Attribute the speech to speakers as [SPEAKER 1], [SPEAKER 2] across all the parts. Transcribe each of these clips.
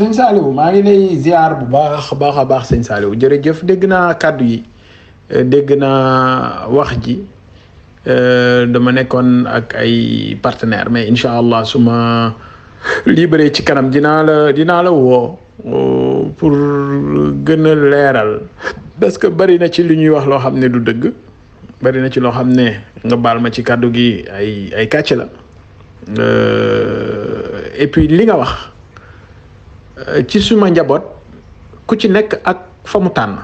[SPEAKER 1] sëñ Saliou maa ngi lay ziar bu baax baax a baax sëñ Saliou jërëjëf dégg naa kàddu yi eh, dégg naa wax ji eh, dama nekkoon ak ay partenaire mais incha allah suma ma libéré ci kanam dinaa la dinaa la woo oh, pour gën leeral parce que bari na ci li ñuy wax loo xam ne du dëgg bari na ci loo xam ne nga baal ma ci kàddu gi ay ay kàcc la eh, et puis li nga wax. Euh, ci suma njaboot ku ci nekk ak fa mu tànn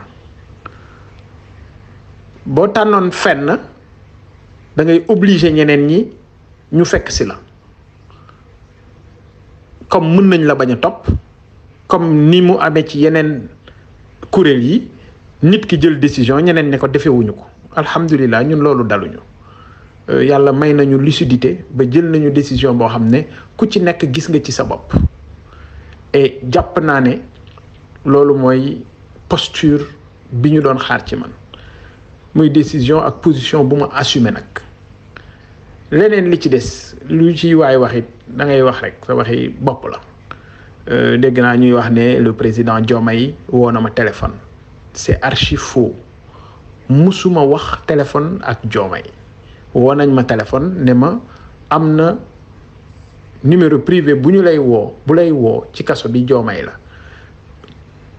[SPEAKER 1] boo tànnoon fenn da ngay obligé ñeneen ñi ñu fekk si la comme mën nañ la bañ a topp comme ni mu amee ci yeneen kuréel yi nit ki jël décision ñeneen ne ko defewuñu ko alhamdulilah ñun loolu daluñu euh, yàlla may nañu lucidité ba jël nañu décision boo xam ne ku ci nekk gis nga ci sa bopp jàpp naa ne loolu mooy posture bi ñu doon xaar ci man muy décision ak position bu ma assumé nag leneen li ci des lu ci waay wax it da ngay wax rek sa waxi bopp la euh, dégg naa ñuy wax ne le président Diomaye woo na ma téléphone c'est archi faux musuma wax téléphone ak Diomaye woo ma téléphone ne ma am na numéro privé bu ñu lay woo bu lay woo ci kaso bi joomay la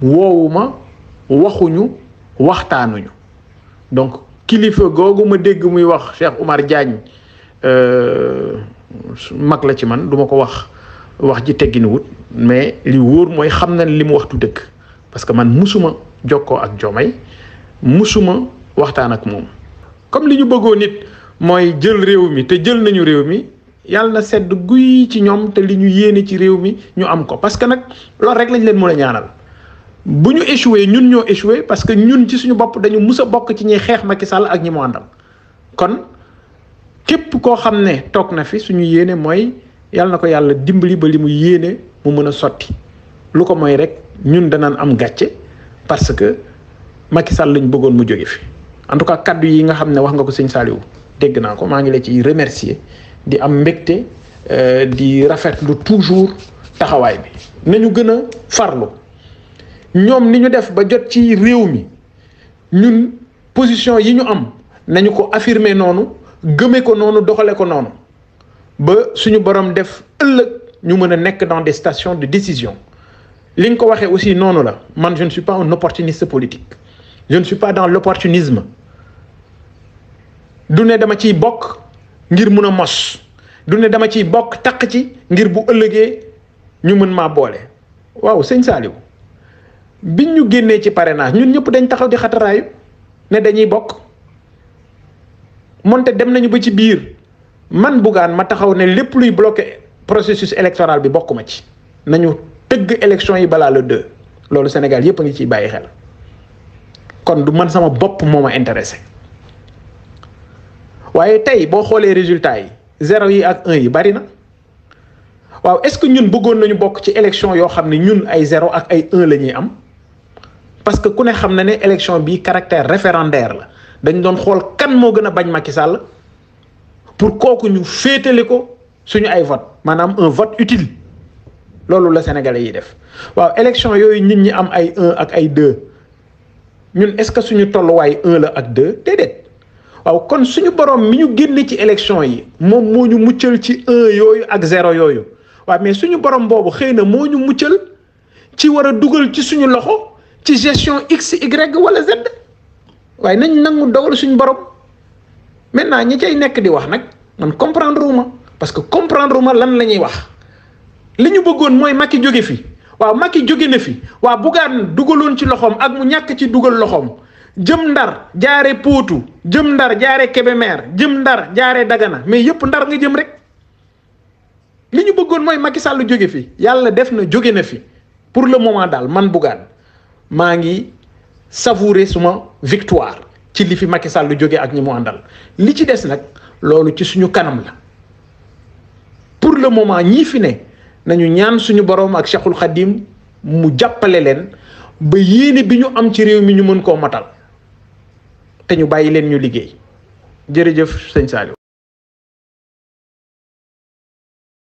[SPEAKER 1] woowuma waxuñu waxtaanuñu donc kilifa googu ma dégg muy wax Cheikh Oumar Diagne euh, mag la ci man duma ko wax wax ji teggin mais li wóor mooy xam na li mu waxtu dëkk parce que man musuma jokkoo ak joomay musuma waxtaan ak moom comme li ñu bëggoon nit mooy jël réew mi te jël nañu réew mi yàlla na sedd guy ci ñoom te li ñu yéene ci réew mi ñu am ko parce que nag loolu rek lañ leen mën a ñaanal bu ñu échoué ñun ñoo échoué parce que ñun ci suñu bopp dañu mus a bokk ci ñuy xeex Macky Sall ak ñi mu àndal kon képp koo xam ne toog na fi suñu yéene mooy yàlla na ko yàlla dimbali ba li mu yéene mu mën a sotti lu ko moy rek ñun danaan am gàcce parce que Macky lañu bëggoon mu jóge fi en tout cas kaddu yi nga xam ne wax nga ko sëñ Saliou dégg naa ko maa ngi la ci remercier di am mbégte euh, di rafetlu toujours taxawaay bi nañu gën a farlu ñoom ni ñu def ba jot ci réew mi ñun position yi ñu am nañu ko affirmer noonu gëme ko noonu doxale ko noonu ba suñu borom def ëllëg ñu mën a nekk dans de station de décision li nga ko waxee aussi noonu la man je ne suis pas un opportuniste politique je ne suis pas dans l'opportunisme du ne dama ciy bokk ngir mun a mos du ne dama ciy bokk taq ci ngir bu ëllëgee ñu mën maa boole waaw sëñ Saliou biñ ñu génnee ci pare parrainage ñun ñëpp dañ taxaw di xataraayu ne dañuy bokk moonte dem nañu ba ci biir man Bougane ma taxaw ne lépp luy bloqué processus électoral bi bokk ma ci nañu tëgg élection yi balaa la deux loolu Sénégal yëpp a ngi ciy bàyyi xel kon du man sama bopp moo ma intéressé waaye tey boo xoolee résultat yi zéro yi ak un yi bari na waaw est-ce que ñun bëggoon nañu bokk ci élection yoo xam ne ñun ay zéro ak ay un la ñuy am parce que ku ne xam na ne élection bi caractère référendaire la dañ doon xool kan moo gën a bañ Macky sàll pour kooku ñu féetale ko suñu ay vote maanaam un vote utile loolu la sénégalais yi def waaw élection yooyu nit ñi am ay un ak ay deux ñun est-ce que suñu tolluwaay un la ak deux déedéet waaw kon suñu borom mi ñu génne ci élection yi moom moo ñu muccal ci un yooyu ak zéro yooyu waaw mais suñu borom boobu xëy na moo ñu muccal ci war a dugal ci suñu loxo ci gestion x y wala z waaye nañ nag mu dogal suñu borom maintenant ñi cay nekk di wax nag man comprendre wu ma parce que comprendre wu lan la ñuy wax li ñu bëggoon mooy Macky jóge fi waaw Macky jóge na fi waaw Bougane dugaloon ci loxoom ak mu ñàkk ci dugal loxoom. jëm ndar jaare Potou jëm ndar jaare Kébémer jëm ndar jaare Dagana mais yëpp ndar nga jëm rek li ñu bëggoon mooy Macky Sall jóge fi yàlla def na jóge na fi pour le moment daal man Bougane maa ngi savourer suma victoire ci li fi Macky Sall jóge ak ñi mu li ci des nag loolu ci suñu kanam la pour le moment ñii fi ne nañu ñaan suñu borom ak Cheikhul Khadim mu jàppale leen ba yéene bi ñu am ci réew mi ñu mën koo matal te ñu bàyyi leen ñu liggéey jërëjëf sëñ Saliou